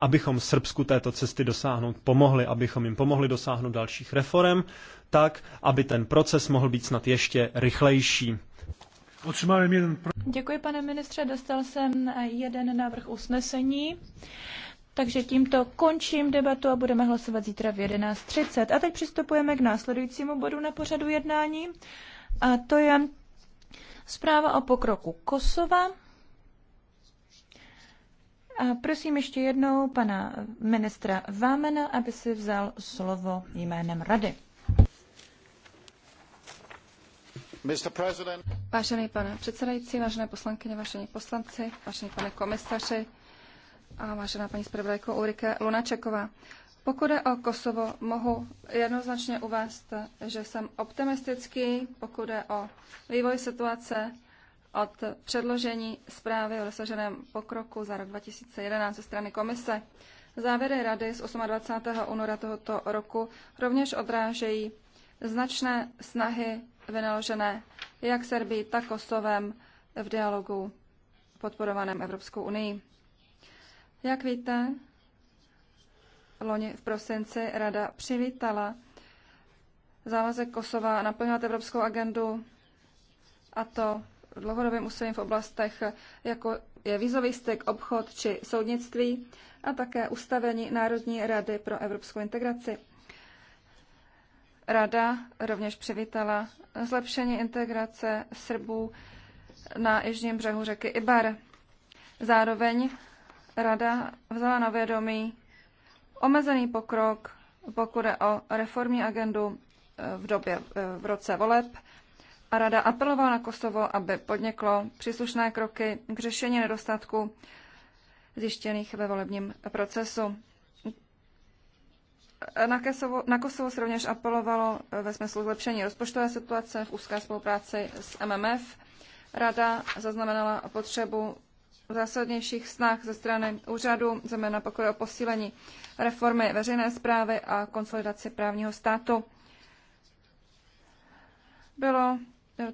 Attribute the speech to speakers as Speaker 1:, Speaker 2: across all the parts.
Speaker 1: abychom Srbsku této cesty dosáhnout pomohli, abychom jim pomohli dosáhnout dalších reform, tak, aby ten proces mohl být snad ještě rychlejší.
Speaker 2: Děkuji, pane ministře, dostal jsem jeden návrh usnesení. Takže tímto končím debatu a budeme hlasovat zítra v 11.30. A teď přistupujeme k následujícímu bodu na pořadu jednání. A to je zpráva o pokroku Kosova. A prosím ještě jednou pana ministra Vámena, aby si vzal slovo jménem rady.
Speaker 3: Vážený pane předsedající, vážené poslankyně, vážení poslanci, vážený pane komisaři a vážená paní zpravodajko Ulrike Lunačeková. Pokud je o Kosovo, mohu jednoznačně uvést, že jsem optimistický, pokud je o vývoj situace od předložení zprávy o dosaženém pokroku za rok 2011 ze strany komise. Závěry rady z 28. února tohoto roku rovněž odrážejí značné snahy vynaložené jak Serbii, tak Kosovem v dialogu podporovaném Evropskou unii. Jak víte, loni v prosinci Rada přivítala závazek Kosova naplňovat evropskou agendu a to dlouhodobým úsilím v oblastech, jako je vizový styk, obchod či soudnictví a také ustavení Národní rady pro evropskou integraci. Rada rovněž přivítala zlepšení integrace Srbů na jižním břehu řeky Ibar. Zároveň rada vzala na vědomí omezený pokrok, pokud je o reformní agendu eh, v době eh, v roce voleb a rada apelovala na Kosovo, aby podniklo příslušné kroky k řešení nedostatku zjištěných ve volebním procesu. Na Kosovo, na Kosovo se rovněž apelovalo ve smyslu zlepšení rozpočtové situace v úzké spolupráci s MMF. Rada zaznamenala potřebu zásadnějších snah ze strany úřadu, zejména pokud o posílení reformy veřejné zprávy a konsolidaci právního státu. Bylo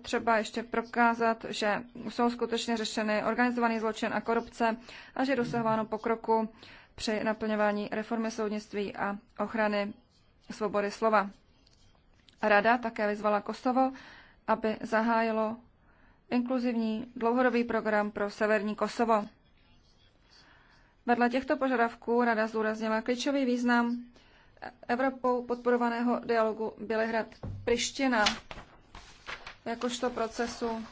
Speaker 3: třeba ještě prokázat, že jsou skutečně řešeny organizovaný zločin a korupce a že je dosahováno pokroku při naplňování reformy soudnictví a ochrany svobody slova. Rada také vyzvala Kosovo, aby zahájilo inkluzivní dlouhodobý program pro severní Kosovo. Vedle těchto požadavků Rada zúraznila klíčový význam Evropou podporovaného dialogu Bělehrad-Priština jakožto procesu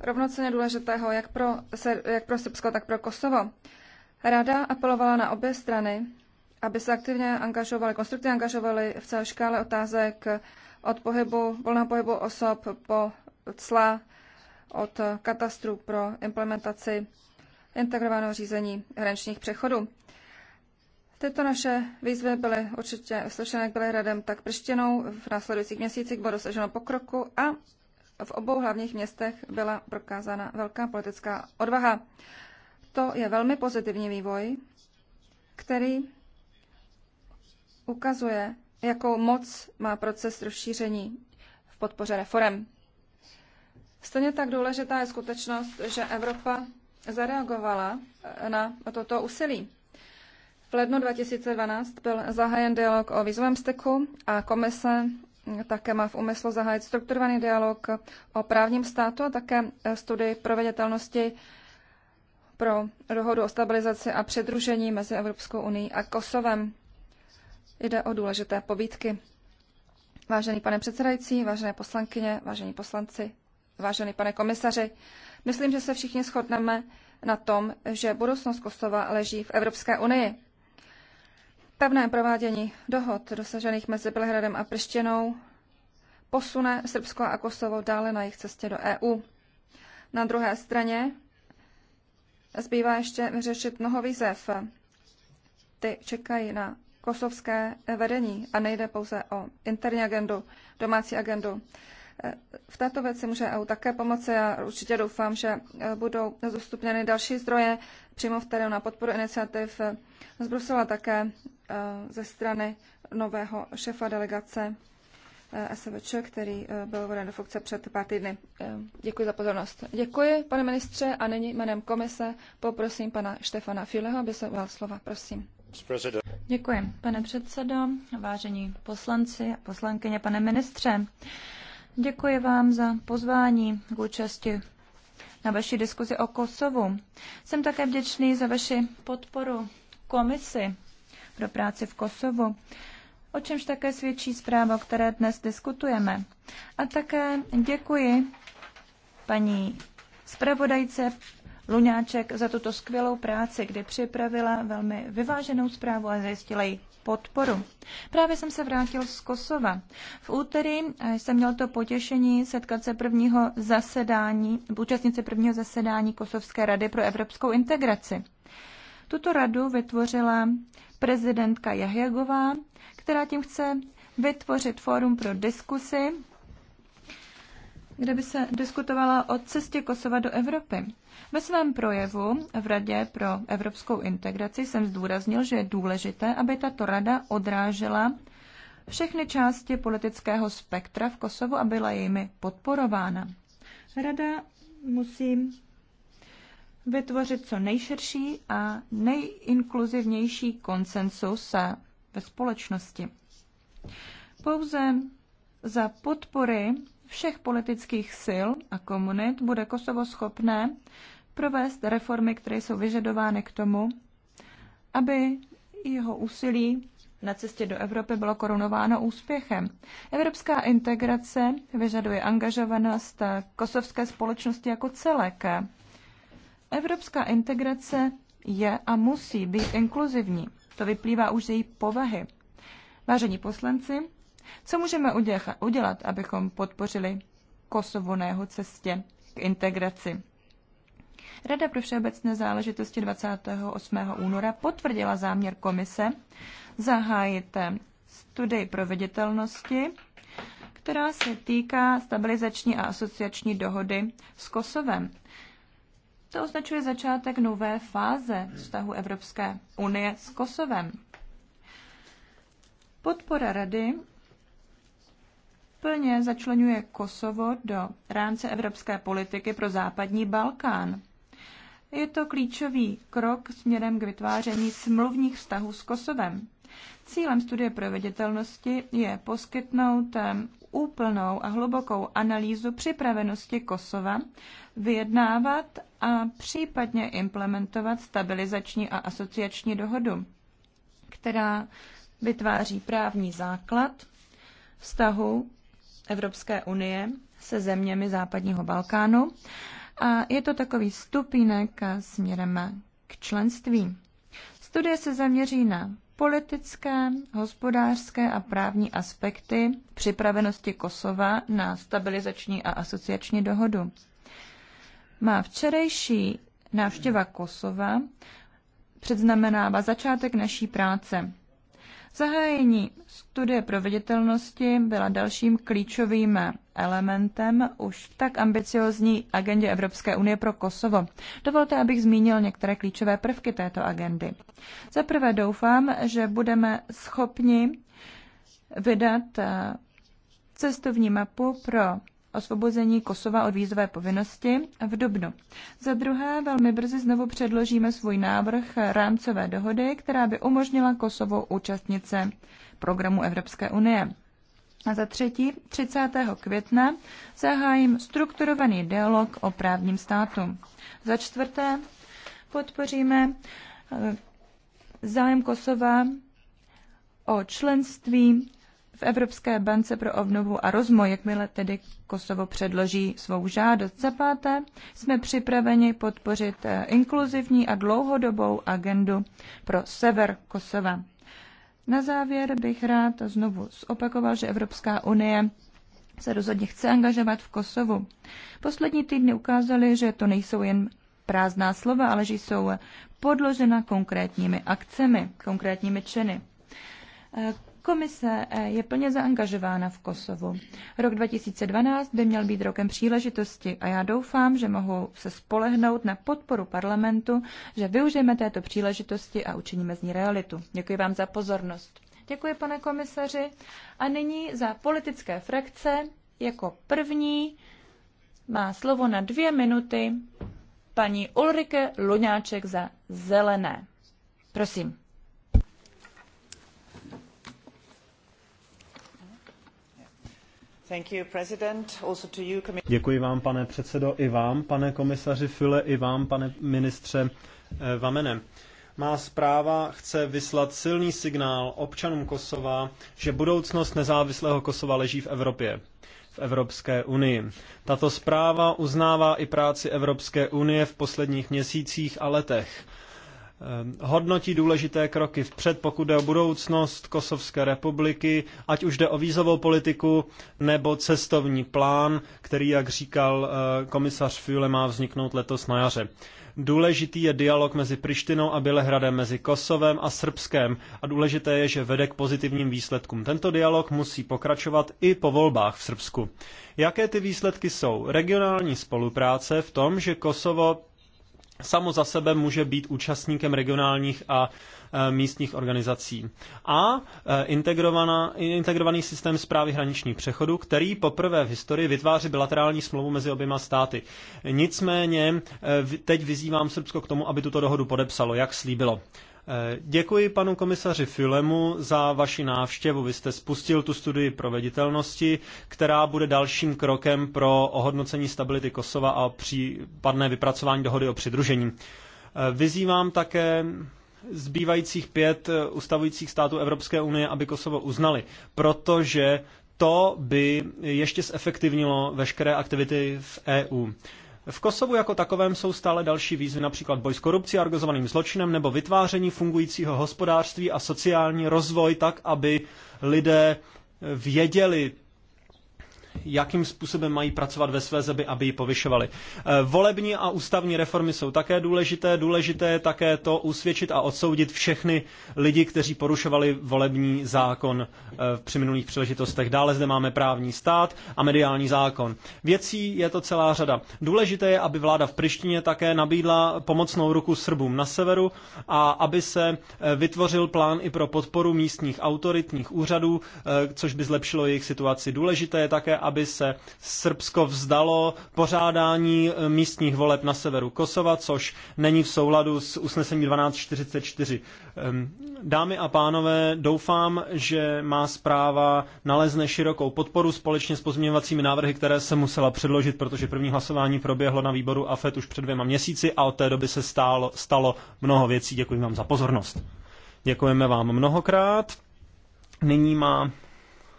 Speaker 3: rovnoceně důležitého jak pro, jak pro Srbsko, tak pro Kosovo. Rada apelovala na obě strany, aby se aktivně angažovali, konstruktivně angažovali v celé škále otázek od pohybu, volného pohybu osob po cla, od katastru pro implementaci integrovaného řízení hraničních přechodů. Tyto naše výzvy byly určitě slyšené jak byly radem, tak prštěnou. V následujících měsících bylo dosaženo pokroku a v obou hlavních městech byla prokázána velká politická odvaha. To je velmi pozitivní vývoj, který ukazuje, jakou moc má proces rozšíření v podpoře reform. Stejně tak důležitá je skutečnost, že Evropa zareagovala na toto úsilí. V lednu 2012 byl zahájen dialog o vízovém styku a komise také má v úmyslu zahájit strukturovaný dialog o právním státu a také studii proveditelnosti pro dohodu o stabilizaci a předružení mezi Evropskou unii a Kosovem. Jde o důležité pobídky. Vážený pane předsedající, vážené poslankyně, vážení poslanci, vážený pane komisaři, myslím, že se všichni shodneme na tom, že budoucnost Kosova leží v Evropské unii pevné provádění dohod dosažených mezi Belehradem a Prištěnou posune Srbsko a Kosovo dále na jejich cestě do EU. Na druhé straně zbývá ještě vyřešit mnoho výzev. Ty čekají na kosovské vedení a nejde pouze o interní agendu, domácí agendu v této věci může EU také pomoci a určitě doufám, že e, budou zastupněny další zdroje přímo v terénu na podporu iniciativ z Brusela také e, ze strany nového šefa delegace e, SVČ, který byl voden do funkce před pár týdny. Děkuji za pozornost. Děkuji, pane ministře, a nyní jménem komise poprosím pana Štefana Fileho, aby se ujal slova. Prosím. Děkuji, pane předsedo, vážení poslanci
Speaker 2: a poslankyně, pane ministře. Děkuji vám za pozvání k účasti na vaší diskuzi o Kosovu. Jsem také vděčný za vaši podporu komisi pro práci v Kosovu, o čemž také svědčí zpráva, o které dnes diskutujeme. A také děkuji paní zpravodajce Luňáček za tuto skvělou práci, kdy připravila velmi vyváženou zprávu a zajistila ji podporu. Právě jsem se vrátil z Kosova. V úterý eh, jsem měl to potěšení setkat se prvního zasedání, účastnice prvního zasedání Kosovské rady pro evropskou integraci. Tuto radu vytvořila prezidentka Jahjagová, která tím chce vytvořit fórum pro diskusy kde by se diskutovala o cestě Kosova do Evropy. Ve svém projevu v Radě pro evropskou integraci jsem zdůraznil, že je důležité, aby tato rada odrážela všechny části politického spektra v Kosovu a byla jimi podporována. Rada musí vytvořit co nejširší a nejinkluzivnější konsensus ve společnosti. Pouze za podpory všech politických sil a komunit bude Kosovo schopné provést reformy, které jsou vyžadovány k tomu, aby jeho úsilí na cestě do Evropy bylo korunováno úspěchem. Evropská integrace vyžaduje angažovanost kosovské společnosti jako celek. Evropská integrace je a musí být inkluzivní. To vyplývá už z její povahy. Vážení poslanci, co můžeme udělat, abychom podpořili Kosovo na jeho cestě k integraci? Rada pro všeobecné záležitosti 28. února potvrdila záměr komise zahájit studii proveditelnosti, která se týká stabilizační a asociační dohody s Kosovem. To označuje začátek nové fáze vztahu Evropské unie s Kosovem. Podpora Rady plně začlenuje Kosovo do rámce evropské politiky pro západní Balkán. Je to klíčový krok směrem k vytváření smluvních vztahů s Kosovem. Cílem studie proveditelnosti je poskytnout úplnou a hlubokou analýzu připravenosti Kosova, vyjednávat a případně implementovat stabilizační a asociační dohodu, která vytváří právní základ vztahu Evropské unie se zeměmi západního Balkánu a je to takový stupínek směrem k členství. Studie se zaměří na politické, hospodářské a právní aspekty připravenosti Kosova na stabilizační a asociační dohodu. Má včerejší návštěva Kosova předznamenává začátek naší práce. Zahájení studie proveditelnosti byla dalším klíčovým elementem už v tak ambiciozní agendě Evropské unie pro Kosovo. Dovolte, abych zmínil některé klíčové prvky této agendy. Za prvé doufám, že budeme schopni vydat eh, cestovní mapu pro osvobození Kosova od vízové povinnosti v Dubnu. Za druhé, velmi brzy znovu předložíme svůj návrh rámcové dohody, která by umožnila Kosovo účastnit se programu Evropské unie. A za třetí, 30. května zahájím strukturovaný dialog o právním státu. Za čtvrté, podpoříme eh, zájem Kosova o členství v Evropské bance pro obnovu a rozvoj, jakmile tedy Kosovo předloží svou žádost. Za páté jsme připraveni podpořit eh, inkluzivní a dlouhodobou agendu pro sever Kosova. Na závěr bych rád znovu zopakoval, že Evropská unie se rozhodně chce angažovat v Kosovu. Poslední týdny ukázaly, že to nejsou jen prázdná slova, ale že jsou podložena konkrétními akcemi, konkrétními činy. Eh, Komise eh, je plně zaangažována v Kosovu. Rok 2012 by měl být rokem příležitosti a já doufám, že mohu se spolehnout na podporu parlamentu, že využijeme této příležitosti a učiníme z ní realitu. Děkuji vám za pozornost. Děkuji, pane komisaři. A nyní za politické frakce jako první má slovo na dvě minuty paní Ulrike Luňáček za zelené.
Speaker 1: Prosím. Děkuji vám, pane předsedo, i vám, pane komisaři File, i vám, pane ministře eh, Vamene. Má zpráva chce vyslat silný signál občanům Kosova, že budoucnost nezávislého Kosova leží v Evropě, v Evropské unii. Tato zpráva uznává i práci Evropské unie v posledních měsících a letech Ehm, hodnotí důležité kroky vpřed, pokud jde o budoucnost Kosovské republiky, ať už jde o vízovou politiku nebo cestovní plán, který, jak říkal eh, komisař Füle, má vzniknout letos na jaře. Důležitý je dialog mezi Prištinou a Bělehradem, mezi Kosovem a Srbskem a důležité je, že vede k pozitivním výsledkům. Tento dialog musí pokračovat i po volbách v Srbsku. Jaké ty výsledky jsou? Regionální spolupráce v tom, že Kosovo samo za sebe může být účastníkem regionálních a e, místních organizací. A e, integrovaný systém zprávy hraničních přechodů, který poprvé v historii vytváří bilaterální smlouvu mezi oběma státy. Nicméně e, teď vyzývám Srbsko k tomu, aby tuto dohodu podepsalo, jak slíbilo. Eh, děkuji panu komisaři Filemu za vaši návštěvu. Vy jste spustil tu studii proveditelnosti, která bude dalším krokem pro ohodnocení stability Kosova a případné vypracování dohody o přidružení. Eh, vyzývám také zbývajících pět eh, ustavujících států Evropské unie, aby Kosovo uznali, protože to by ještě zefektivnilo veškeré aktivity v EU. V Kosovu jako takovém jsou stále další výzvy, například boj s korupcí, organizovaným zločinem nebo vytváření fungujícího hospodářství a sociální rozvoj tak, aby lidé věděli, jakým způsobem mají pracovat ve své zemi, aby ji povyšovali. Eh, volební a ústavní reformy jsou také důležité. Důležité je také to usvědčit a odsoudit všechny lidi, kteří porušovali volební zákon eh, při minulých příležitostech. Dále zde máme právní stát a mediální zákon. Věcí je to celá řada. Důležité je, aby vláda v Prištině také nabídla pomocnou ruku Srbům na severu a aby se eh, vytvořil plán i pro podporu místních autoritních úřadů, což by zlepšilo jejich situaci. Důležité je také, aby se Srbsko vzdalo pořádání eh, místních voleb na severu Kosova, což není v souladu s usnesením 1244. Ehm, dámy a pánové, doufám, že má zpráva nalezne širokou podporu společně s pozměňovacími návrhy, které se musela předložit, protože první hlasování proběhlo na výboru AFET už před dvěma měsíci a od té doby se stalo mnoho věcí. Děkuji vám za pozornost. Děkujeme vám mnohokrát. Nyní má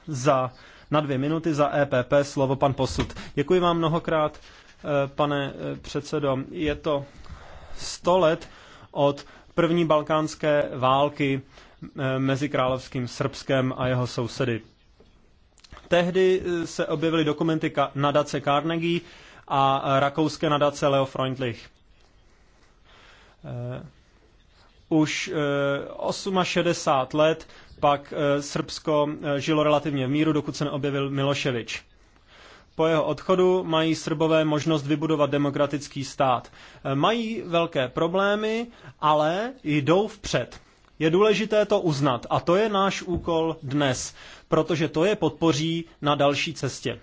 Speaker 1: za na dvě minuty za EPP slovo pan Posud. Děkuji vám mnohokrát, eh, pane eh, předsedo. Je to 100 let od první balkánské války eh, mezi královským Srbskem a jeho sousedy. Tehdy se objevily dokumenty nadace Carnegie a rakouské nadace Leo Freundlich. Už 68 let pak eh, Srbsko eh, žilo relativně v míru, dokud se neobjevil Miloševič. Po jeho odchodu mají Srbové možnost vybudovat demokratický stát. Eh, mají velké problémy, ale jdou vpřed. Je důležité to uznat a to je náš úkol dnes, protože to je podpoří na další cestě.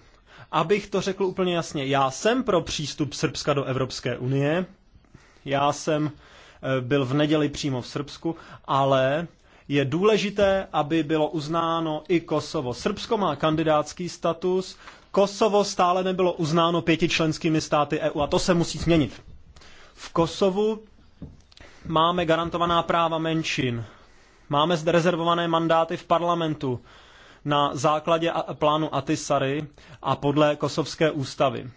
Speaker 1: Abych to řekl úplně jasně, já jsem pro přístup Srbska do Evropské unie, já jsem byl v neděli přímo v Srbsku, ale je důležité, aby bylo uznáno i Kosovo. Srbsko má kandidátský status, Kosovo stále nebylo uznáno pěti členskými státy EU a to se musí změnit. V Kosovu máme garantovaná práva menšin. Máme zde rezervované mandáty v parlamentu na základě plánu Atisary a podle kosovské ústavy.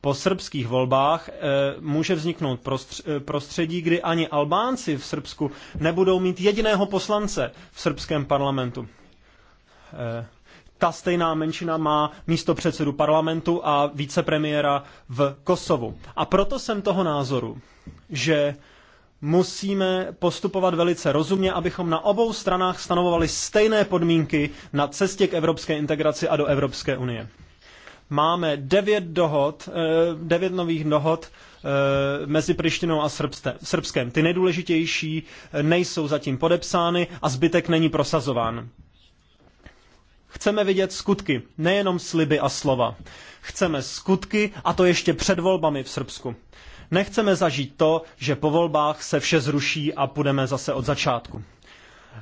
Speaker 1: Po srbských volbách eh, může vzniknout eh, prostředí, kdy ani Albánci v Srbsku nebudou mít jediného poslance v srbském parlamentu eh, ta stejná menšina má místo předsedu parlamentu a vicepremiéra v Kosovu. A proto jsem toho názoru, že musíme postupovat velice rozumně, abychom na obou stranách stanovovali stejné podmínky na cestě k evropské integraci a do Evropské unie. Máme devět dohod, eh, devět nových dohod eh, mezi Prištinou a Srbskem. Ty nejdůležitější eh, nejsou zatím podepsány a zbytek není prosazován. Chceme vidět skutky, nejenom sliby a slova. Chceme skutky a to ještě před volbami v Srbsku. Nechceme zažít to, že po volbách se vše zruší a půjdeme zase od začátku.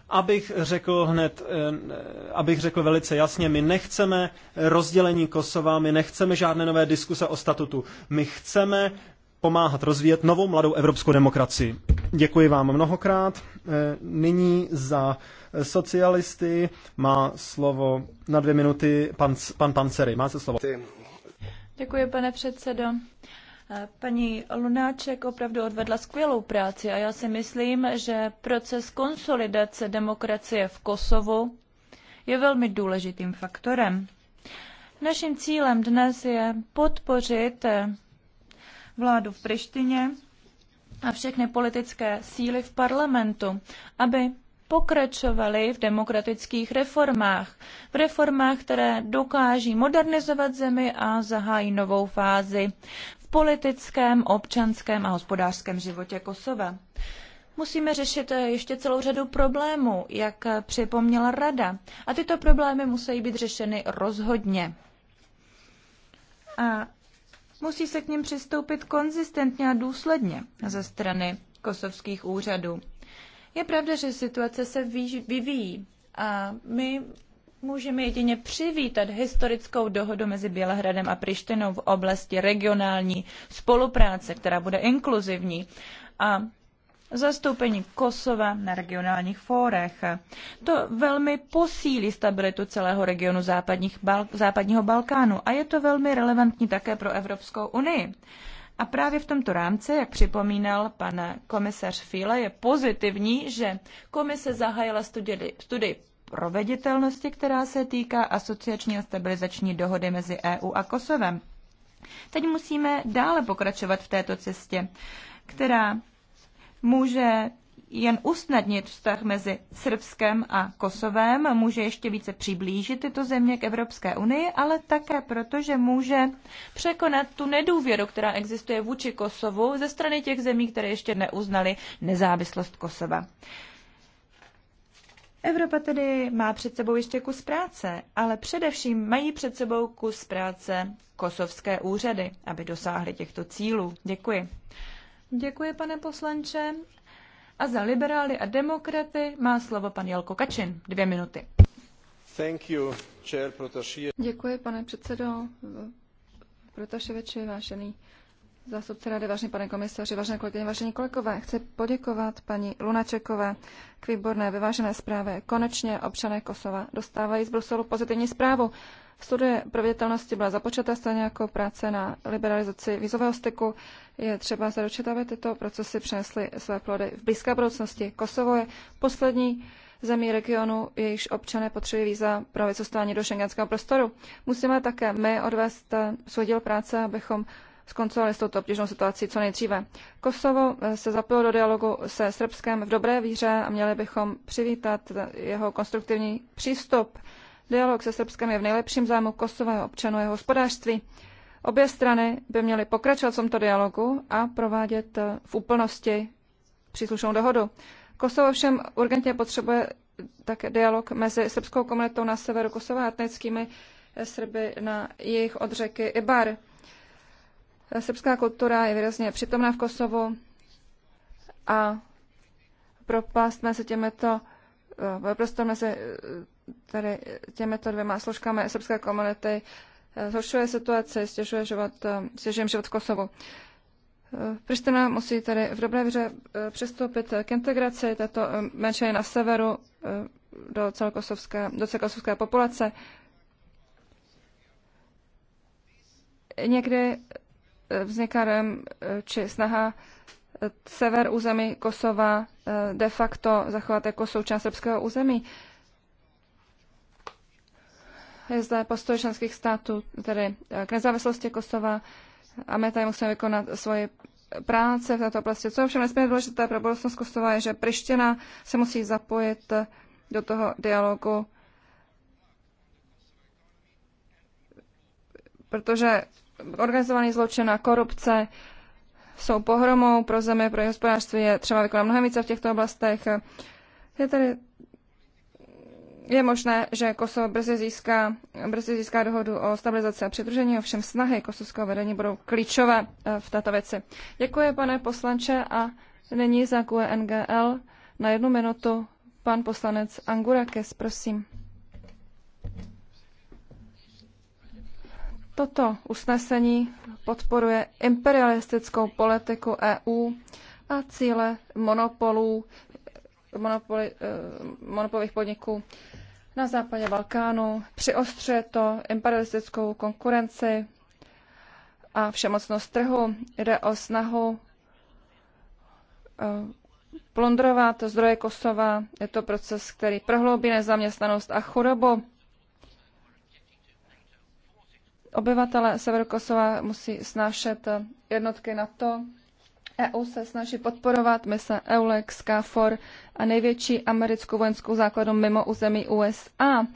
Speaker 1: Abych řekl hned, eh, abych řekl velice jasně, my nechceme rozdělení Kosova, my nechceme žádné nové diskuse o statutu. My chceme pomáhat rozvíjet novou mladou evropskou demokracii. Děkuji vám mnohokrát. Eh, nyní za socialisty má slovo na dvě minuty pan, pan Pancery. Máte slovo.
Speaker 2: Děkuji, pane předsedo. Paní Lunáček opravdu odvedla skvělou práci a já si myslím, že proces konsolidace demokracie v Kosovu je velmi důležitým faktorem. Naším cílem dnes je podpořit vládu v Prištině a všechny politické síly v parlamentu, aby pokračovali v demokratických reformách. V reformách, které dokáží modernizovat zemi a zahájí novou fázi v politickém, občanském a hospodářském životě Kosova. Musíme řešit eh, ještě celou řadu problémů, jak eh, připomněla Rada. A tyto problémy musí být řešeny rozhodně. A musí se k ním přistoupit konzistentně a důsledně ze strany kosovských úřadů. Je pravda, že situace se vyvíjí a my můžeme jedině přivítat historickou dohodu mezi Bělehradem a Prištinou v oblasti regionální spolupráce, která bude inkluzivní a zastoupení Kosova na regionálních fórech. To velmi posílí stabilitu celého regionu západních Bal- západního Balkánu a je to velmi relevantní také pro Evropskou unii. A právě v tomto rámci, jak připomínal pan komisař Fila, je pozitivní, že komise zahájila studii, studii proveditelnosti, která se týká asociační a stabilizační dohody mezi EU a Kosovem. Teď musíme dále pokračovat v této cestě, která může jen usnadnit vztah mezi Srbskem a Kosovem, může ještě více přiblížit tyto země k Evropské unii, ale také proto, že může překonat tu nedůvěru, která existuje vůči Kosovu ze strany těch zemí, které ještě neuznaly nezávislost Kosova. Evropa tedy má před sebou ještě kus práce, ale především mají před sebou kus práce kosovské úřady, aby dosáhly těchto cílů. Děkuji. Děkuji, pane poslanče. A za liberály a demokraty má slovo pan Jelko Kačin. Dvě minuty.
Speaker 1: Thank you, chair,
Speaker 3: Děkuji, pane předsedo Protaševeči, vážený Zástupce rady, vážený pane komisaři, vážené kolegyně, vážení kolegové. Chci poděkovat paní Lunačekové k výborné vyvážené zprávě. Konečně občané Kosova dostávají z Bruselu pozitivní zprávu. Studie proveditelnosti byla započata stejně jako práce na liberalizaci vízového styku. Je třeba zaručit, aby tyto procesy přinesly své plody v blízké budoucnosti. Kosovo je poslední zemí regionu, jejichž občané potřebují víza pro vycestování do šengenského prostoru. Musíme také my odvést svůj díl práce, abychom skoncovali s touto obtížnou situací co nejdříve. Kosovo eh, se zapojilo do dialogu se Srbskem v dobré víře a měli bychom přivítat jeho konstruktivní přístup. Dialog se Srbskem je v nejlepším zájmu Kosova, občanů jeho hospodářství. Obě strany by měly pokračovat v tomto dialogu a provádět eh, v úplnosti příslušnou dohodu. Kosovo všem urgentně potřebuje také dialog mezi srbskou komunitou na severu Kosova a etnickými eh, Srby na jejich od řeky Ibar. Srbská kultura je výrazně přitomná v Kosovu a propast mezi těmito eh, prostor mezi eh, tady těmito dvěma složkami srbské komunity eh, zhoršuje situaci, stěžuje život, stěžuje život v Kosovu. Pristina musí tady v dobré věře přistoupit k integraci této menšiny na severu do celokosovské, do celokosovské populace. Někdy vzniká dojem, eh, či snaha eh, sever území Kosova eh, de facto zachovat jako součást srbského území. Je zde postoj členských států, tedy k nezávislosti Kosova a my tady musíme vykonat svoji práce v této oblasti. Co ovšem nesmírně důležité pro budoucnost Kosova je, že Priština se musí zapojit do toho dialogu, protože organizovaný zločin a korupce jsou pohromou pro zemi, pro hospodářství je třeba vykonat mnohem více v těchto oblastech. Je tady je možné, že Kosovo brzy získá, brzy získá dohodu o stabilizaci a přidružení, ovšem snahy kosovského vedení budou klíčové eh, v této věci. Děkuji, pane poslanče, a nyní za QNGL na jednu minutu pan poslanec Angurakis, prosím. Toto usnesení podporuje imperialistickou politiku EU a cíle monopolů, monopoli, eh, monopolových podniků na západě Balkánu. Přiostřuje to imperialistickou konkurenci a všemocnost trhu. Jde o snahu eh, plundrovat zdroje Kosova. Je to proces, který prohloubí nezaměstnanost a chudobu. Obyvatele Severokosova musí snášet eh, jednotky NATO. EU se snaží podporovat mise EULEX, KFOR a největší americkou vojenskou základnu mimo území USA.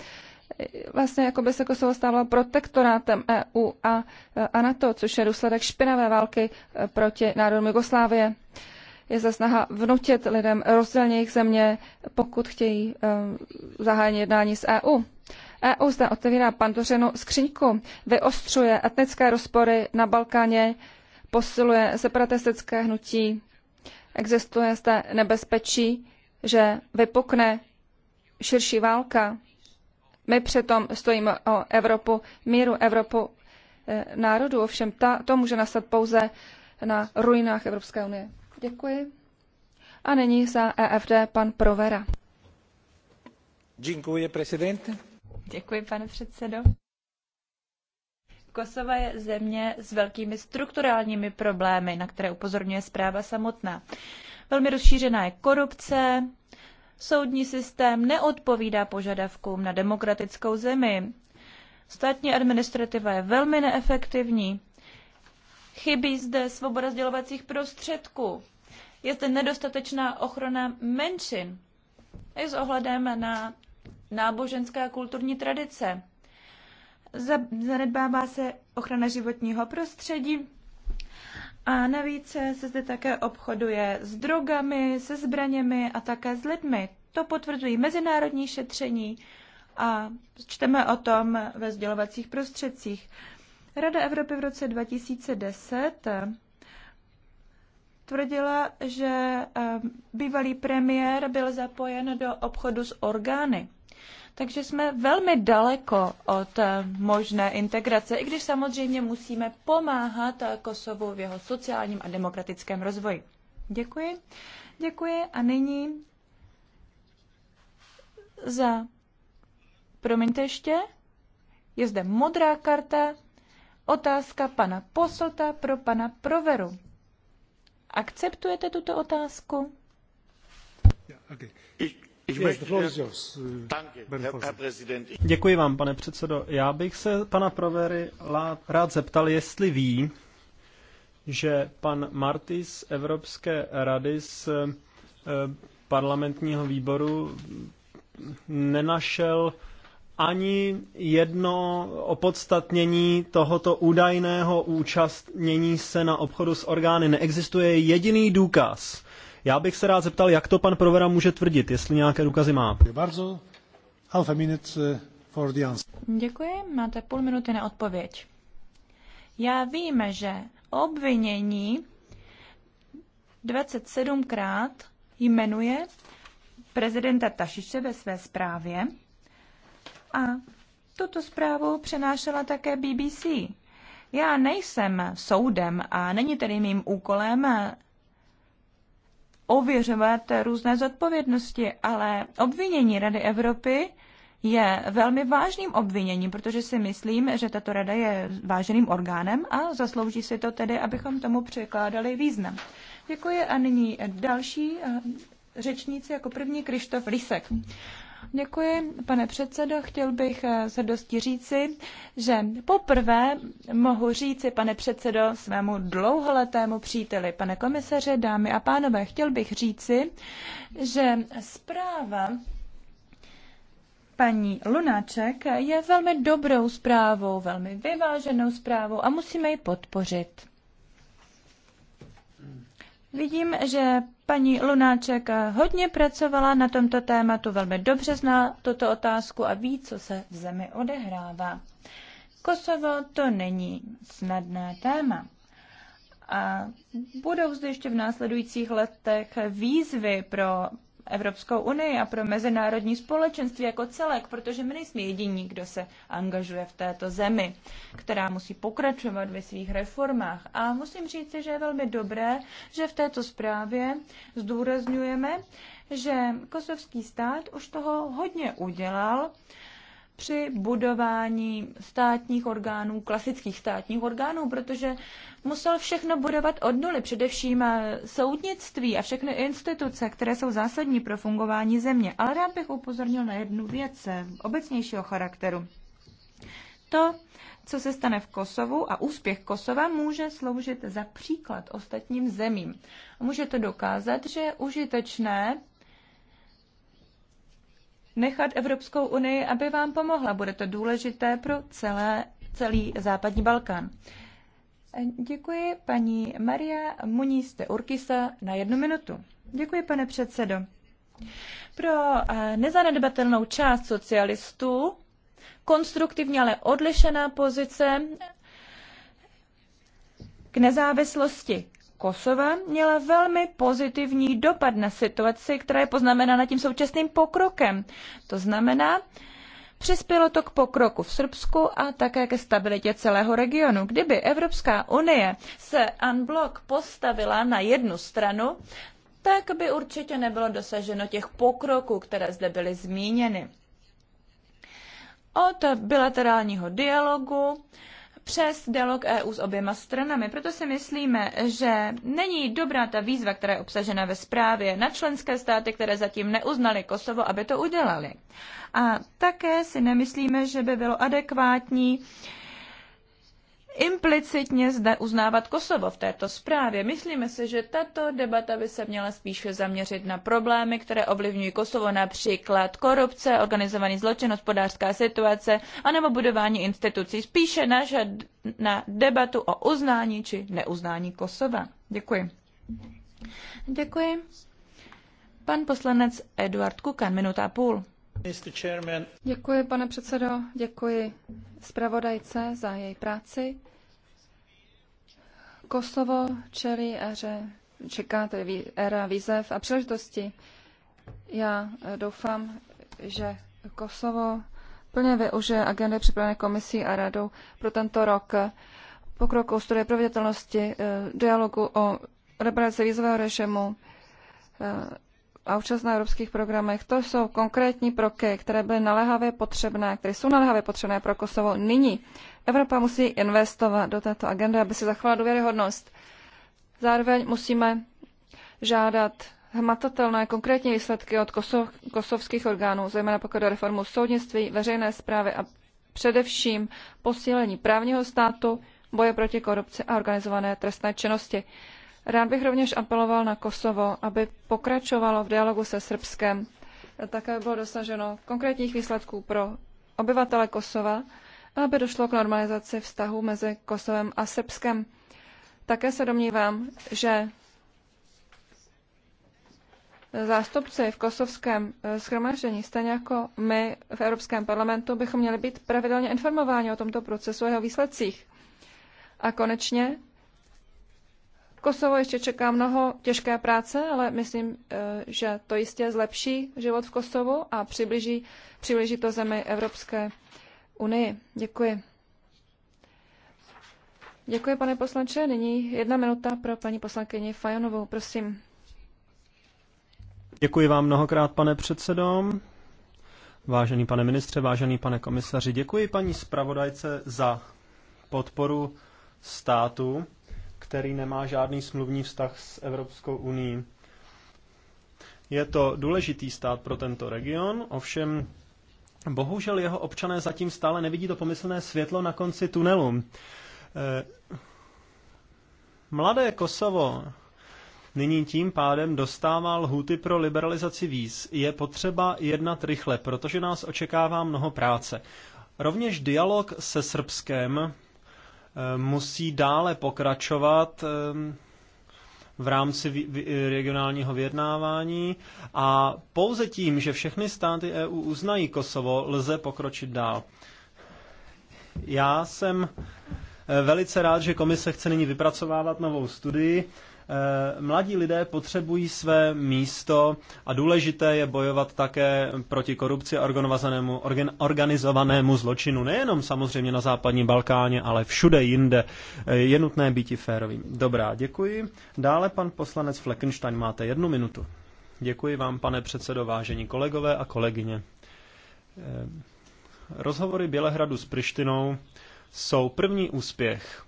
Speaker 3: Eh, vlastně jako by se Kosovo stávalo protektorátem EU a, eh, a NATO, což je důsledek špinavé války proti národům Jugoslávie je zde snaha vnutit lidem rozdělně jejich země, pokud chtějí um, zahájit jednání s EU. EU zde otevírá pandořinu skříňku, vyostřuje etnické rozpory na Balkáně, posiluje separatistické hnutí, existuje zde nebezpečí, že vypukne širší válka. My přitom stojíme o Evropu míru, Evropu e, národů, ovšem ta, to může nastat pouze na ruinách Evropské unie. Děkuji. A nyní za EFD pan Provera.
Speaker 2: Děkuji, prezidente. Děkuji, pane předsedo. Kosova je země s velkými strukturálními problémy, na které upozorňuje zpráva samotná. Velmi rozšířená je korupce, soudní systém neodpovídá požadavkům na demokratickou zemi, státní administrativa je velmi neefektivní, chybí zde svoboda sdělovacích prostředků, je zde nedostatečná ochrana menšin. I s ohledem na náboženská a kulturní tradice. Zanedbává se ochrana životního prostředí a navíc se zde také obchoduje s drogami, se zbraněmi a také s lidmi. To potvrzují mezinárodní šetření a čteme o tom ve sdělovacích prostředcích. Rada Evropy v roce 2010 tvrdila, že eh, bývalý premiér byl zapojen do obchodu s orgány. Takže jsme velmi daleko od eh, možné integrace, i když samozřejmě musíme pomáhat eh, Kosovu v jeho sociálním a demokratickém rozvoji. Děkuji. Děkuji a nyní za, promiňte ještě, je zde modrá karta, otázka pana Posota pro pana Proveru. Akceptujete tuto otázku?
Speaker 1: Yeah, okay. Äh, Děkuji vám, pane předsedo. Já bych se pana Provery rád zeptal, jestli ví, že pan Marty z Evropské rady z e, parlamentního výboru nenašel ani jedno opodstatnění tohoto údajného účastnění se na obchodu s orgány. Neexistuje jediný důkaz, já bych se rád zeptal, jak to pan Provera může tvrdit, jestli nějaké důkazy má.
Speaker 2: Děkuji, eh, máte půl minuty na odpověď. Já vím, že obvinění 27krát jmenuje prezidenta Tašiše ve své zprávě a tuto zprávu přenášela také BBC. Já nejsem soudem a není tedy mým úkolem ověřovat různé zodpovědnosti, ale obvinění Rady Evropy je velmi vážným obviněním, protože si myslím, že tato rada je váženým orgánem a zaslouží si to tedy, abychom tomu překládali význam. Děkuji a nyní další eh, řečníci, jako první Krištof Lisek. Děkuji, pane předsedo. Chtěl bych eh, se dosti říci, že poprvé mohu říci, pane předsedo, svému dlouholetému příteli, pane komisaře, dámy a pánové, chtěl bych říci, že zpráva paní Lunáček je velmi dobrou zprávou, velmi vyváženou zprávou a musíme ji podpořit. Vidím, že Paní Lunáček hodně pracovala na tomto tématu, velmi dobře zná tuto otázku a ví, co se v zemi odehrává. Kosovo to není snadné téma. A budou zde ještě v následujících letech výzvy pro Evropskou unii a pro mezinárodní společenství jako celek, protože my nejsme jediní, kdo se angažuje v této zemi, která musí pokračovat ve svých reformách. A musím říct, že je velmi dobré, že v této zprávě zdůrazňujeme, že kosovský stát už toho hodně udělal, při budování státních orgánů, klasických státních orgánů, protože musel všechno budovat od nuly, především eh, soudnictví a všechny instituce, které jsou zásadní pro fungování země. Ale rád bych upozornil na jednu věc eh, obecnějšího charakteru. To, co se stane v Kosovu a úspěch Kosova může sloužit za příklad ostatním zemím. Může to dokázat, že je užitečné nechat Evropskou unii, aby vám pomohla. Bude to důležité pro celé, celý západní Balkán. Děkuji paní Maria Muníste Urkisa na jednu minutu. Děkuji, pane předsedo. Pro eh, nezanedbatelnou část socialistů konstruktivně ale odlišená pozice k nezávislosti Kosova měla velmi pozitivní dopad na situaci, která je poznamenána tím současným pokrokem. To znamená, Přispělo to k pokroku v Srbsku a také ke stabilitě celého regionu. Kdyby Evropská unie se unblock postavila na jednu stranu, tak by určitě nebylo dosaženo těch pokroků, které zde byly zmíněny. Od bilaterálního dialogu přes dialog EU s oběma stranami. Proto si myslíme, že není dobrá ta výzva, která je obsažena ve zprávě na členské státy, které zatím neuznali Kosovo, aby to udělali. A také si nemyslíme, že by bylo adekvátní uh, implicitně zde uznávat Kosovo v této zprávě. Myslíme si, že tato debata by se měla spíše zaměřit na problémy, které ovlivňují Kosovo, například korupce, organizovaný zločin, hospodářská situace, anebo budování institucí, spíše než na debatu o uznání či neuznání Kosova. Děkuji. Děkuji. Pan poslanec Eduard Kukan, minuta a půl.
Speaker 3: Děkuji, pane předsedo, děkuji zpravodajce za její práci. Kosovo čelí éře, čeká tedy éra výzev a příležitosti. Já eh, doufám, že Kosovo plně využije agendy připravené komisí a radou pro tento rok pokroku studie proveditelnosti, eh, dialogu o reparaci vízového režimu, eh, a účast na evropských programech, to jsou konkrétní kroky, které byly naléhavě potřebné, které jsou naléhavě potřebné pro Kosovo nyní. Evropa musí investovat do této agendy, aby si zachovala důvěryhodnost. Zároveň musíme žádat hmatatelné konkrétní výsledky od kosov, kosovských orgánů, zejména pokud o reformu soudnictví, veřejné zprávy a především posílení právního státu, boje proti korupci a organizované trestné činnosti. Rád bych rovněž apeloval na Kosovo, aby pokračovalo v dialogu se Srbskem. Také bylo dosaženo konkrétních výsledků pro obyvatele Kosova, aby došlo k normalizaci vztahu mezi Kosovem a Srbskem. Také se domnívám, že zástupci v kosovském eh, schromáždění, stejně jako my v Evropském parlamentu, bychom měli být pravidelně informováni o tomto procesu a jeho výsledcích. A konečně Kosovo ještě čeká mnoho těžké práce, ale myslím, eh, že to jistě zlepší život v Kosovu a přiblíží, přiblíží to zemi Evropské unii. Děkuji. Děkuji, pane poslanče. Nyní jedna minuta pro paní poslankyni Fajonovou. Prosím.
Speaker 1: Děkuji vám mnohokrát, pane předsedo. Vážený pane ministře, vážený pane komisaři, děkuji paní zpravodajce za podporu státu který nemá žádný smluvní vztah s Evropskou uní, Je to důležitý stát pro tento region, ovšem bohužel jeho občané zatím stále nevidí to pomyslné světlo na konci tunelu. Eh, mladé Kosovo nyní tím pádem dostává lhuty pro liberalizaci víz. Je potřeba jednat rychle, protože nás očekává mnoho práce. Rovněž dialog se Srbskem Eh, musí dále pokračovat ehm, v rámci eh, regionálního vyjednávání a pouze tím, že všechny státy EU uznají Kosovo, lze pokročit dál. Já jsem eh, velice rád, že komise chce nyní vypracovávat novou studii, Eh, mladí lidé potřebují své místo a důležité je bojovat také proti korupci a organizovanému zločinu. Nejenom samozřejmě na západním Balkáně, ale všude jinde. Eh, je nutné být i férovým. Dobrá, děkuji. Dále pan poslanec Fleckenstein, máte jednu minutu. Děkuji vám, pane předsedo, vážení kolegové a kolegyně. Eh, rozhovory Bělehradu s Prištinou jsou první úspěch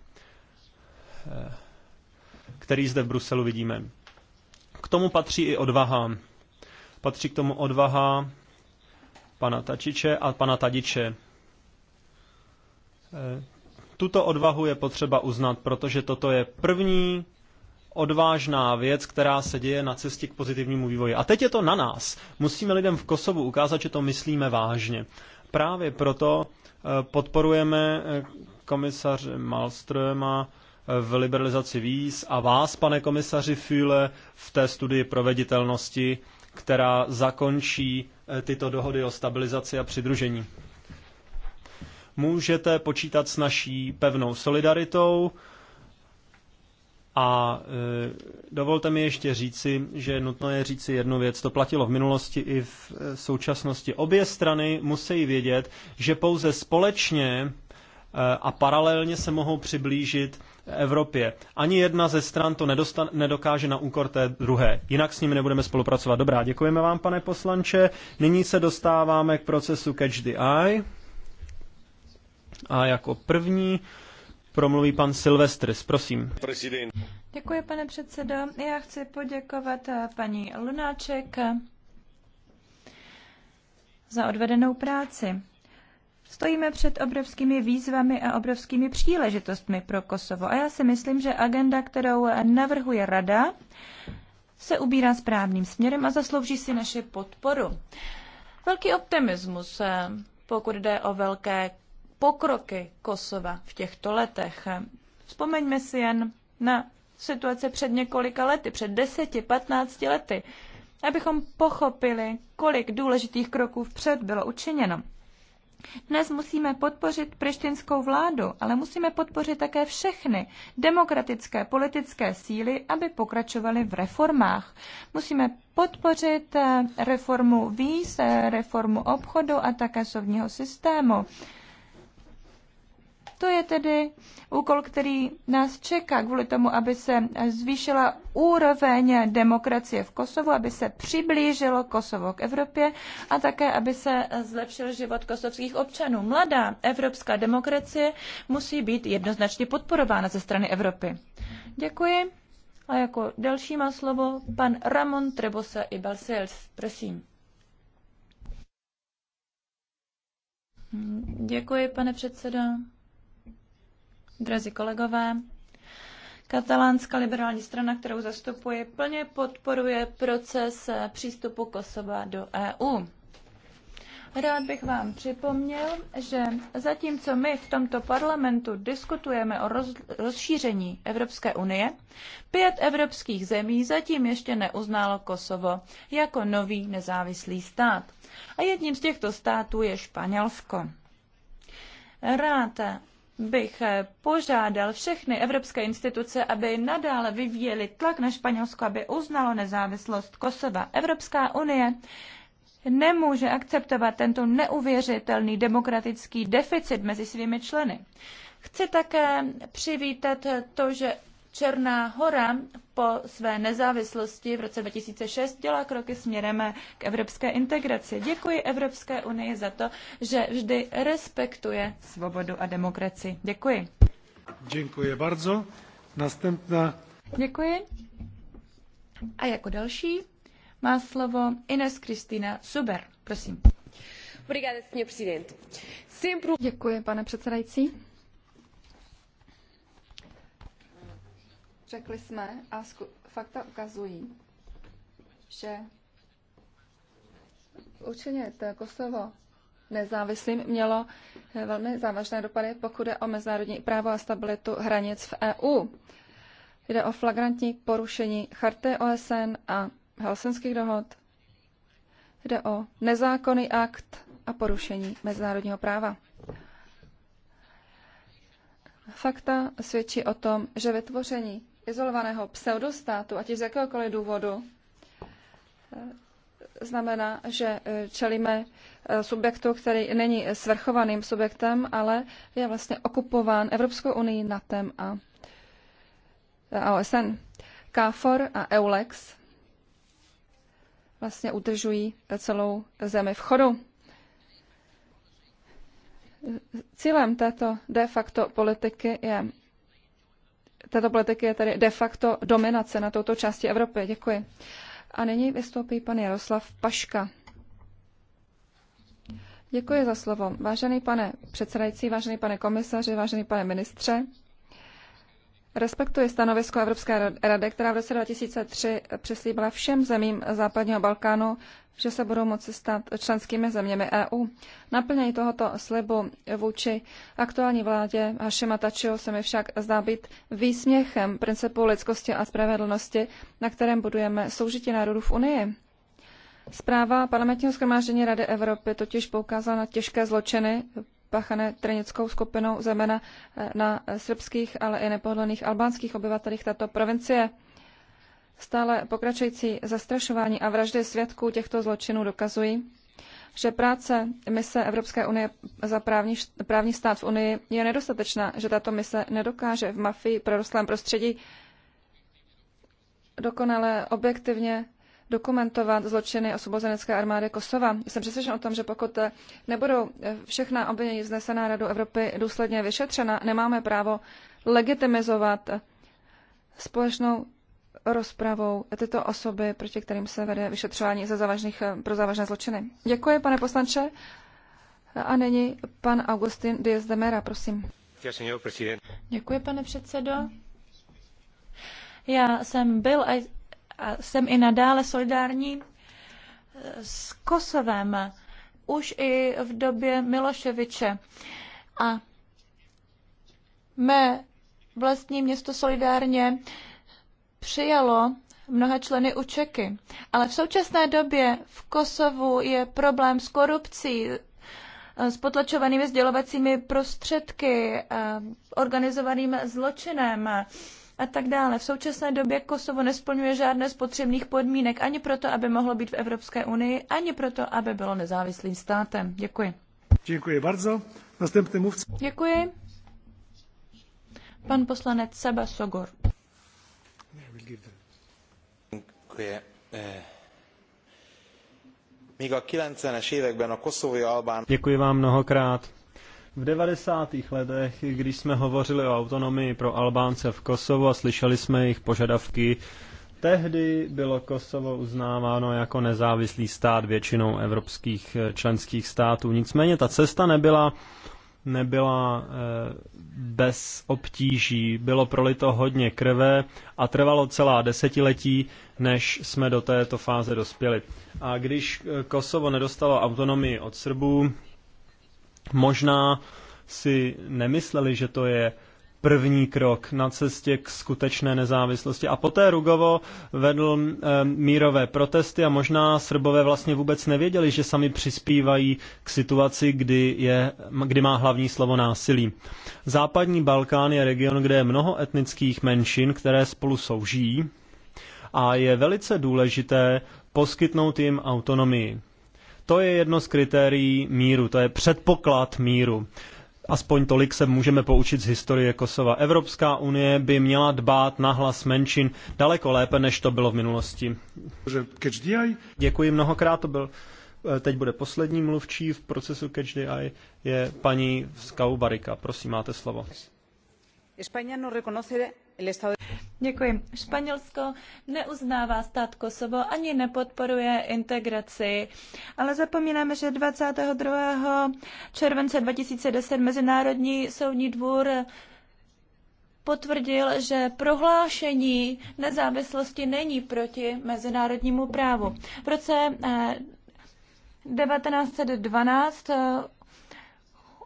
Speaker 1: který zde v Bruselu vidíme. K tomu patří i odvaha. Patří k tomu odvaha pana Tačiče a pana Tadiče. E, tuto odvahu je potřeba uznat, protože toto je první odvážná věc, která se děje na cestě k pozitivnímu vývoji. A teď je to na nás. Musíme lidem v Kosovu ukázat, že to myslíme vážně. Právě proto e, podporujeme e, komisaře Malströma v liberalizaci víz a vás, pane komisaři Füle, v té studii proveditelnosti, která zakončí eh, tyto dohody o stabilizaci a přidružení. Můžete počítat s naší pevnou solidaritou a eh, dovolte mi ještě říci, že nutno je říci jednu věc. To platilo v minulosti i v eh, současnosti. Obě strany musí vědět, že pouze společně Eh, a paralelně se mohou přiblížit Evropě. Ani jedna ze stran to nedokáže na úkor té druhé. Jinak s nimi nebudeme spolupracovat. Dobrá, děkujeme vám, pane poslanče. Nyní se dostáváme k procesu Catch the Eye. A jako první promluví pan Silvestris, prosím.
Speaker 2: Děkuji, pane předsedo. Já chci poděkovat eh, paní Lunáček eh, za odvedenou práci. Stojíme před obrovskými výzvami a obrovskými příležitostmi pro Kosovo. A já si myslím, že agenda, kterou navrhuje Rada, se ubírá správným směrem a zaslouží si naše podporu. Velký optimismus, eh, pokud jde o velké pokroky Kosova v těchto letech. Vzpomeňme si jen na situace před několika lety, před 10-15 lety, abychom pochopili, kolik důležitých kroků vpřed bylo učiněno. Dnes musíme podpořit prištinskou vládu, ale musíme podpořit také všechny demokratické politické síly, aby pokračovaly v reformách. Musíme podpořit eh, reformu víz, eh, reformu obchodu a také soudního systému. To je tedy úkol, který nás čeká kvůli tomu, aby se zvýšila úroveň demokracie v Kosovu, aby se přiblížilo Kosovo k Evropě a také, aby se zlepšil život kosovských občanů. Mladá evropská demokracie musí být jednoznačně podporována ze strany Evropy. Děkuji. A jako další má slovo pan Ramon Trebosa i Balsels. Prosím. Děkuji, pane předsedo. Drazí kolegové, katalánská liberální strana, kterou zastupuji, plně podporuje proces přístupu Kosova do EU. Rád bych vám připomněl, že zatímco my v tomto parlamentu diskutujeme o rozšíření Evropské unie, pět evropských zemí zatím ještě neuznalo Kosovo jako nový nezávislý stát. A jedním z těchto států je Španělsko. Rád bych eh, požádal všechny evropské instituce, aby nadále vyvíjeli tlak na Španělsko, aby uznalo nezávislost Kosova. Evropská unie nemůže akceptovat tento neuvěřitelný demokratický deficit mezi svými členy. Chci také přivítat to, že Černá hora po své nezávislosti v roce 2006 dělá kroky směrem k evropské integraci. Děkuji Evropské unii za to, že vždy respektuje svobodu a demokracii. Děkuji.
Speaker 1: Děkuji bardzo. Następna.
Speaker 2: Děkuji. A jako další má slovo Ines Kristýna Suber.
Speaker 3: Prosím. Um Děkuji, pane předsedající. Řekli jsme a fakta ukazují, že to Kosovo nezávislým mělo eh, velmi závažné dopady, pokud je o mezinárodní právo a stabilitu hranic v EU. Jde o flagrantní porušení charty OSN a Helsinských dohod. Jde o nezákonný akt a porušení mezinárodního práva. Fakta svědčí o tom, že vytvoření izolovaného pseudostátu, ať z jakéhokoliv důvodu, eh, znamená, že eh, čelíme eh, subjektu, který není svrchovaným subjektem, ale je vlastně okupován Evropskou unii, NATEM a OSN. KFOR a EULEX vlastně udržují celou zemi v chodu. Cílem této de facto politiky je této politiky je tedy de facto dominace na touto části Evropy. Děkuji. A nyní vystoupí pan Jaroslav Paška. Děkuji za slovo. Vážený pane předsedající, vážený pane komisaři, vážený pane ministře, respektuje stanovisko Evropské rady, která v roce 2003 přislíbila všem zemím západního Balkánu, že se budou moci stát členskými zeměmi EU. Naplnění tohoto slibu vůči aktuální vládě Hashima Tačiho se mi však zdá být výsměchem principu lidskosti a spravedlnosti, na kterém budujeme soužití národů v Unii. Zpráva parlamentního schromáždění Rady Evropy totiž poukázala na těžké zločiny páchané trenickou skupinou, zejména eh, na eh, srbských, ale i nepohodlných albánských obyvatelích této provincie. Stále pokračující zastrašování a vraždy svědků těchto zločinů dokazují, že práce mise Evropské unie za právní, právní stát v Unii je nedostatečná, že tato mise nedokáže v mafii prorostlém prostředí dokonale objektivně dokumentovat zločiny osvobozenecké armády Kosova. Jsem přesvědčen o tom, že pokud eh, nebudou eh, všechna obvinění vznesená Radu Evropy důsledně vyšetřena, nemáme právo legitimizovat eh, společnou rozpravou tyto osoby, proti kterým se vede vyšetřování za závažných, pro závažné zločiny. Děkuji, pane poslanče. A nyní pan Augustin Díaz de Mera, prosím. Děkuji, pane předsedo. Já jsem byl
Speaker 2: a a jsem i nadále solidární eh, s Kosovem, už i v době Miloševiče. A mé vlastní město solidárně přijalo mnoha členy Učeky. Ale v současné době v Kosovu je problém s korupcí, eh, s potlačovanými sdělovacími prostředky, eh, organizovaným zločinem a tak dále. V současné době Kosovo nesplňuje žádné z potřebných podmínek ani proto, aby mohlo být v Evropské unii, ani proto, aby bylo nezávislým státem. Děkuji. Děkuji bardzo. Następný mluvce. Děkuji. Pan poslanec Seba Sogor.
Speaker 1: Děkuji. Eh, míg a 90-es
Speaker 3: években a koszovói albán...
Speaker 1: Děkuji vám mnohokrát. V 90. letech, když jsme hovořili o autonomii pro Albánce v Kosovu a slyšeli jsme jejich požadavky, tehdy bylo Kosovo uznáváno jako nezávislý stát většinou evropských eh, členských států. Nicméně ta cesta nebyla nebyla eh, bez obtíží. Bylo prolito hodně krve a trvalo celá desetiletí, než jsme do této fáze dospěli. A když eh, Kosovo nedostalo autonomii od Srbů, Možná si nemysleli, že to je první krok na cestě k skutečné nezávislosti. A poté Rugovo vedl e, mírové protesty a možná Srbové vlastně vůbec nevěděli, že sami přispívají k situaci, kdy, je, kdy má hlavní slovo násilí. Západní Balkán je region, kde je mnoho etnických menšin, které spolu soužijí a je velice důležité poskytnout jim autonomii. To je jedno z kritérií míru, to je předpoklad míru. Aspoň tolik se můžeme poučit z historie Kosova. Evropská unie by měla dbát na hlas menšin daleko lépe, než to bylo v minulosti. Děkuji mnohokrát, to byl eh, teď bude poslední mluvčí v procesu Catch the Eye, je paní Skaubarika. Prosím, máte slovo.
Speaker 2: Děkuji. Španělsko neuznává stát Kosovo ani nepodporuje integraci, ale zapomínáme, že 22. července 2010 Mezinárodní soudní dvůr potvrdil, že prohlášení nezávislosti není proti mezinárodnímu právu. V roce 1912 eh,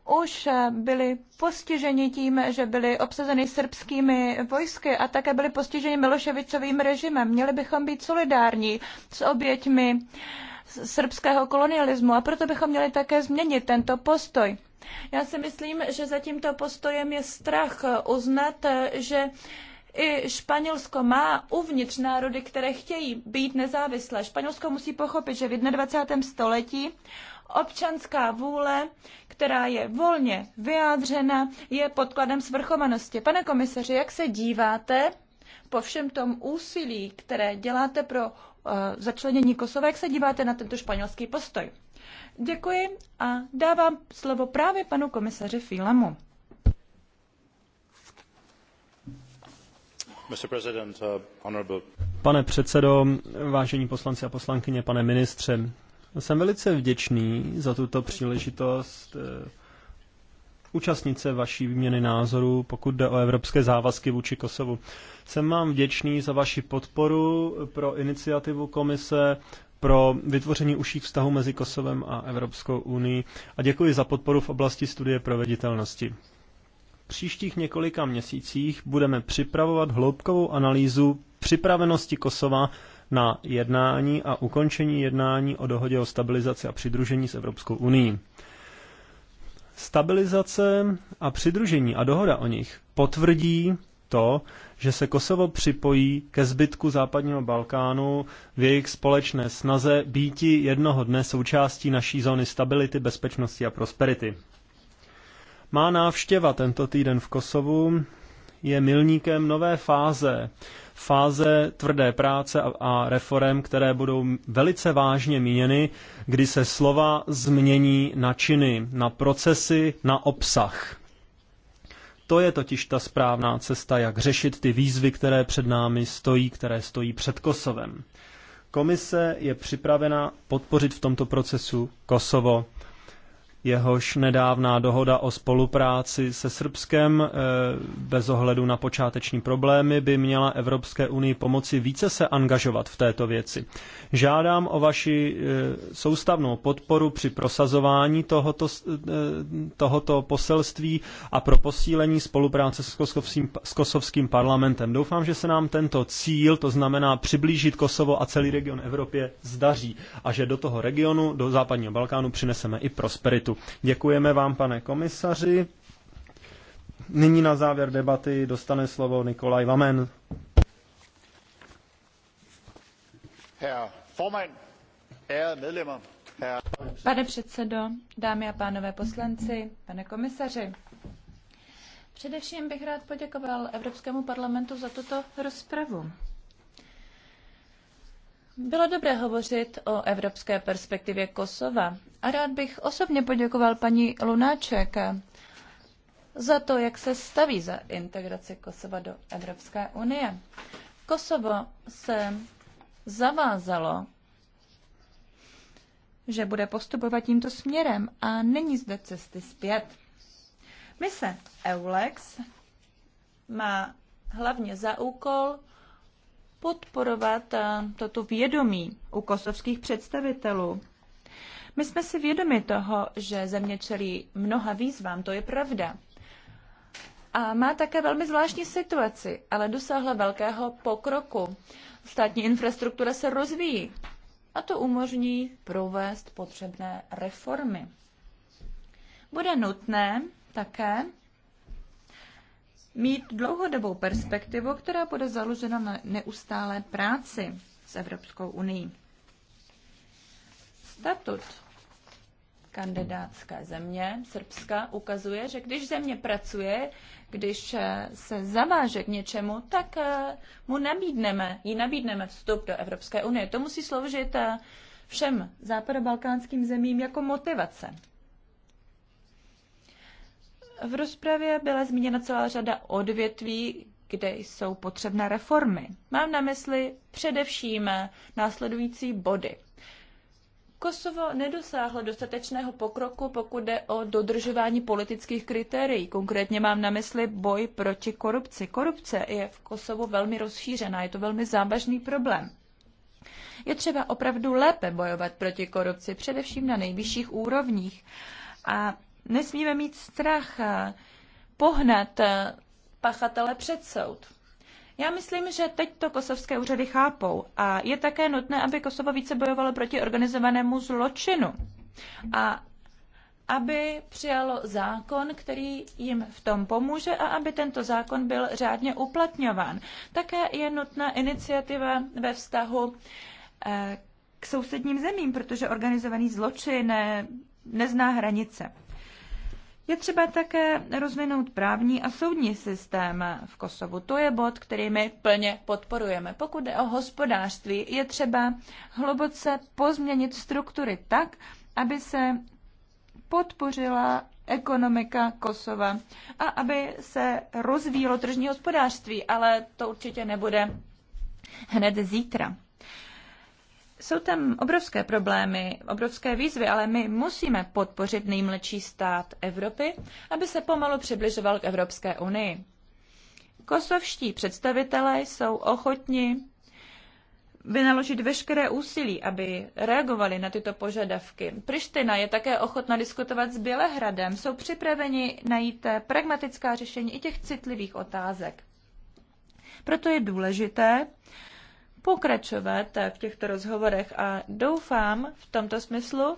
Speaker 2: už byli postiženi tím, že byli obsazeny srbskými vojsky a také byli postiženi Miloševicovým režimem. Měli bychom být solidární s oběťmi srbského kolonialismu a proto bychom měli také změnit tento postoj. Já si myslím, že za tímto postojem je strach uznat, že i Španělsko má uvnitř národy, které chtějí být nezávislé. Španělsko musí pochopit, že v 21. století občanská vůle která je volně vyjádřena, je podkladem svrchovanosti. Pane komisaři, jak se díváte po všem tom úsilí, které děláte pro eh, začlenění Kosova, jak se díváte na tento španělský postoj? Děkuji a dávám slovo právě panu komisaři Filamu. Uh,
Speaker 1: pane předsedo, vážení poslanci a poslankyně, pane ministře, jsem velice vděčný za tuto příležitost eh, účastnit se vaší výměny názorů, pokud jde o evropské závazky vůči Kosovu. Jsem vám vděčný za vaši podporu pro iniciativu komise pro vytvoření užších vztahů mezi Kosovem a Evropskou unii a děkuji za podporu v oblasti studie proveditelnosti. V příštích několika měsících budeme připravovat hloubkovou analýzu připravenosti Kosova na jednání a ukončení jednání o dohodě o stabilizaci a přidružení s Evropskou unii. Stabilizace a přidružení a dohoda o nich potvrdí to, že se Kosovo připojí ke zbytku západního Balkánu v jejich společné snaze býti jednoho dne součástí naší zóny stability, bezpečnosti a prosperity. Má návštěva tento týden v Kosovu je milníkem nové fáze, fáze tvrdé práce a, reform, které budou velice vážně míněny, kdy se slova změní na činy, na procesy, na obsah. To je totiž ta správná cesta, jak řešit ty výzvy, které před námi stojí, které stojí před Kosovem. Komise je připravena podpořit v tomto procesu Kosovo jehož nedávná dohoda o spolupráci se Srbskem eh, bez ohledu na počáteční problémy by měla Evropské unii pomoci více se angažovat v této věci. Žádám o vaši eh, soustavnou podporu při prosazování tohoto, eh, tohoto poselství a pro posílení spolupráce s kosovským, s kosovským parlamentem. Doufám, že se nám tento cíl, to znamená přiblížit Kosovo a celý region Evropě, zdaří a že do toho regionu, do západního Balkánu přineseme i prosperitu. Děkujeme vám, pane komisaři. Nyní na závěr debaty dostane slovo Nikolaj Vamen.
Speaker 2: Pane předsedo, dámy a pánové poslanci, pane komisaři, především bych rád poděkoval Evropskému parlamentu za tuto rozpravu. Bylo dobré hovořit o evropské perspektivě Kosova a rád bych osobně poděkoval paní Lunáček za to, jak se staví za integraci Kosova do Evropské unie. Kosovo se zavázalo, že bude postupovat tímto směrem a není zde cesty zpět. Mise EULEX má hlavně za úkol podporovat eh, toto vědomí u kosovských představitelů. My jsme si vědomi toho, že země čelí mnoha výzvám, to je pravda. A má také velmi zvláštní situaci, ale dosáhla velkého pokroku. Státní infrastruktura se rozvíjí a to umožní provést potřebné reformy. Bude nutné také mít dlouhodobou perspektivu, která bude založena na neustálé práci s Evropskou unii. Statut kandidátské země Srbska ukazuje, že když země pracuje, když se zaváže k něčemu, tak eh, mu nabídneme, jí nabídneme vstup do Evropské unie. To musí sloužit eh, všem západobalkánským zemím jako motivace. V rozpravě byla zmíněna celá řada odvětví, kde jsou potřebné reformy. Mám na mysli především následující body. Kosovo nedosáhlo dostatečného pokroku, pokud jde o dodržování politických kritérií. Konkrétně mám na mysli boj proti korupci. Korupce je v Kosovu velmi rozšířená, je to velmi závažný problém. Je třeba opravdu lépe bojovat proti korupci, především na nejvyšších úrovních. A Nesmíme mít strach eh, pohnat eh, pachatele před soud. Já myslím, že teď to kosovské úřady chápou a je také nutné, aby Kosovo více bojovalo proti organizovanému zločinu a aby přijalo zákon, který jim v tom pomůže a aby tento zákon byl řádně uplatňován. Také je nutná iniciativa ve vztahu eh, k sousedním zemím, protože organizovaný zločin nezná hranice. Je třeba také rozvinout právní a soudní systém v Kosovu. To je bod, který my plně podporujeme. Pokud jde o hospodářství, je třeba hluboce pozměnit struktury tak, aby se podpořila ekonomika Kosova a aby se rozvíjelo tržní hospodářství, ale to určitě nebude hned zítra. Jsou tam obrovské problémy, obrovské výzvy, ale my musíme podpořit nejmladší stát Evropy, aby se pomalu přibližoval k Evropské unii. Kosovští představitelé jsou ochotni vynaložit veškeré úsilí, aby reagovali na tyto požadavky. Priština je také ochotna diskutovat s Bělehradem, jsou připraveni najít pragmatická řešení i těch citlivých otázek. Proto je důležité, pokračovat v těchto rozhovorech a doufám v tomto smyslu,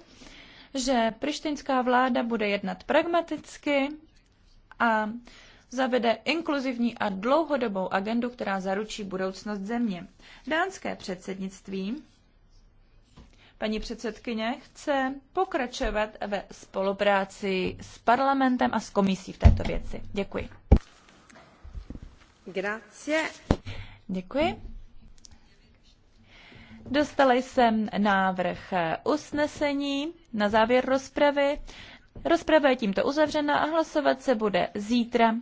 Speaker 2: že prištinská vláda bude jednat pragmaticky a zavede inkluzivní a dlouhodobou agendu, která zaručí budoucnost země. Dánské předsednictví, paní předsedkyně, chce pokračovat ve spolupráci s parlamentem a s komisí v této věci. Děkuji. Grazie. Děkuji. Dostala jsem návrh usnesení na závěr rozpravy. Rozprava je tímto uzavřena a hlasovat se bude zítra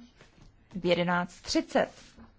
Speaker 2: v 11.30.